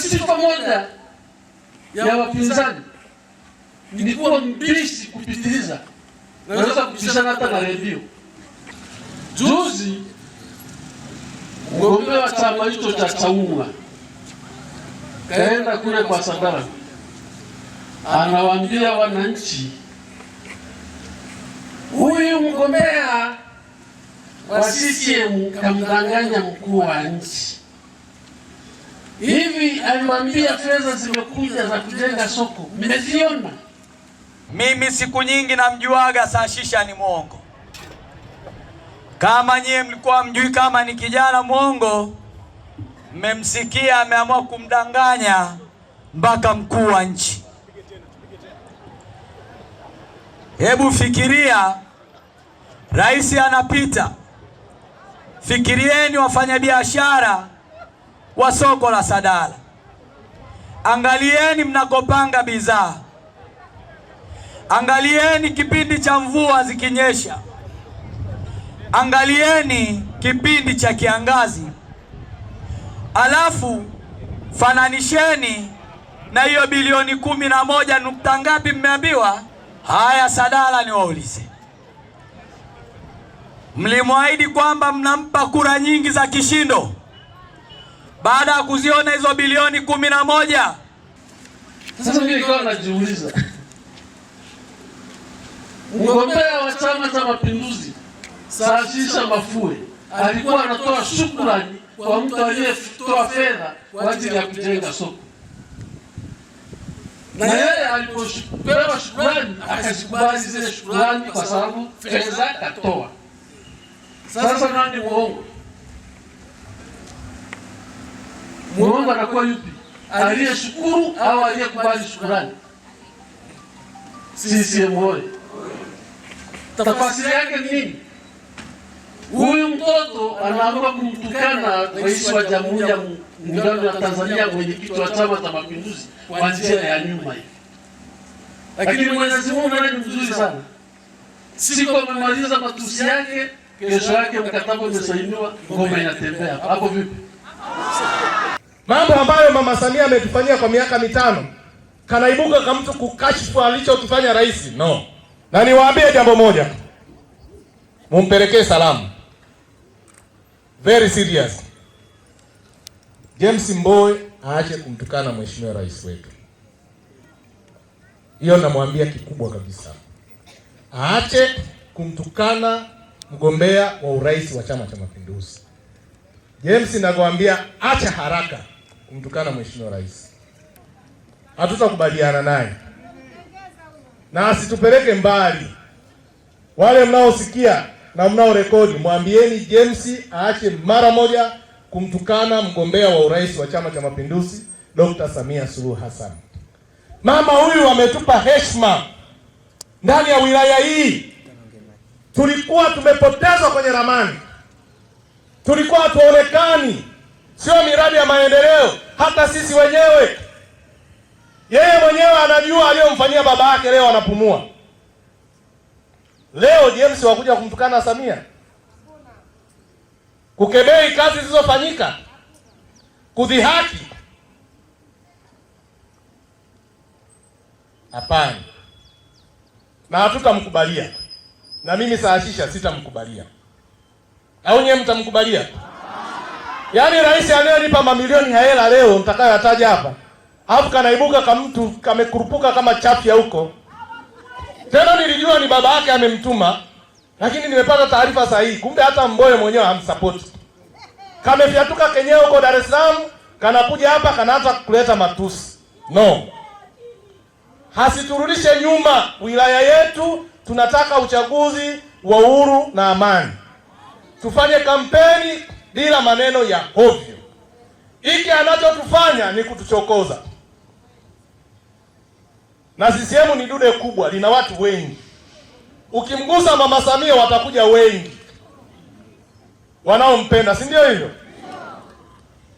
sisi kwa moja ya wapinzani nilikuwa mbishi kupitiliza, naweza kupishana hata na redio. Juzi mgombea wa chama hicho cha Chauma kaenda kule kwa Sadara, anawaambia wananchi, huyu mgombea wa CCM kamdanganya mkuu wa nchi hivi alimwambia fedha zimekuja za kujenga soko, mmeziona? Mimi siku nyingi namjuaga sashisha ni mwongo. Kama nyie mlikuwa mjui kama ni kijana mwongo, mmemsikia ameamua kumdanganya mpaka mkuu wa nchi. Hebu fikiria, rais anapita, fikirieni wafanyabiashara wa soko la Sadala. Angalieni mnakopanga bidhaa, angalieni kipindi cha mvua zikinyesha, angalieni kipindi cha kiangazi, alafu fananisheni na hiyo bilioni kumi na moja nukta ngapi mmeambiwa? Haya, Sadala ni waulize, mlimwahidi kwamba mnampa kura nyingi za kishindo baada ya kuziona hizo bilioni kumi na moja. Sasa mimi nikawa najiuliza, mgombea wa Chama cha Mapinduzi Saashisha Mafue alikuwa anatoa shukrani kwa mtu aliyetoa fedha kwa ajili ya kujenga soko, na yeye alipopewa shukrani akazikubali zile shukrani kwa sababu fedha katoa. Sasa nani muongo? Mungu anakuwa yupi? Aliyeshukuru au aliyekubali shukurani? CCM oyee! Tafasiri yake ni nini? Huyu mtoto anaamua kumtukana rais wa Jamhuri ya Muungano wa Tanzania, mwenyekiti wa Chama cha Mapinduzi kwa njia ya nyuma hii. Lakini Mwenyezi Mungu ni mzuri sana, siku amemaliza matusi yake, kesho yake mkataba umesainiwa, ngoma inatembea. Hapo vipi? Mambo ambayo Mama Samia ametufanyia kwa miaka mitano, kanaibuka kama mtu kukashifu alichokifanya rais? No. Na niwaambie jambo moja, mumpelekee salamu very serious, James Mbowe aache kumtukana mheshimiwa rais wetu. Hiyo namwambia kikubwa kabisa, aache kumtukana mgombea wa urais wa Chama cha Mapinduzi. James, nakwambia acha haraka kumtukana mheshimiwa rais, hatutakubaliana naye na asitupeleke mbali. Wale mnaosikia na mnaorekodi, mwambieni James aache mara moja kumtukana mgombea wa urais wa Chama cha Mapinduzi Dr. Samia Suluhu Hassan. Mama huyu ametupa heshima ndani ya wilaya hii. Tulikuwa tumepotezwa kwenye ramani, tulikuwa hatuonekani sio miradi ya maendeleo, hata sisi wenyewe. Yeye mwenyewe anajua aliyomfanyia baba yake, leo anapumua. Leo James wakuja kumtukana Samia, kukebei kazi zilizofanyika, kudhihaki. Hapana, na hatutamkubalia, na mimi saashisha, sitamkubalia. Au nyewe mtamkubalia? Yaani rais anayonipa mamilioni ya hela leo nitakayoyataja hapa, alafu kanaibuka kama mtu kamekurupuka kama chafya huko. Tena nilijua ni baba yake amemtuma, lakini nimepata taarifa sahihi, kumbe hata Mboye mwenyewe hamsupport. Kamefiatuka kenyewe huko Dar es Salaam, kanakuja hapa, kanaanza kuleta matusi. No, hasiturudishe nyuma. Wilaya yetu tunataka uchaguzi wa uhuru na amani, tufanye kampeni bila maneno ya hovyo. Hiki anachotufanya ni kutuchokoza, na CCM ni dude kubwa, lina watu wengi. Ukimgusa Mama Samia watakuja wengi wanaompenda, si ndio hivyo?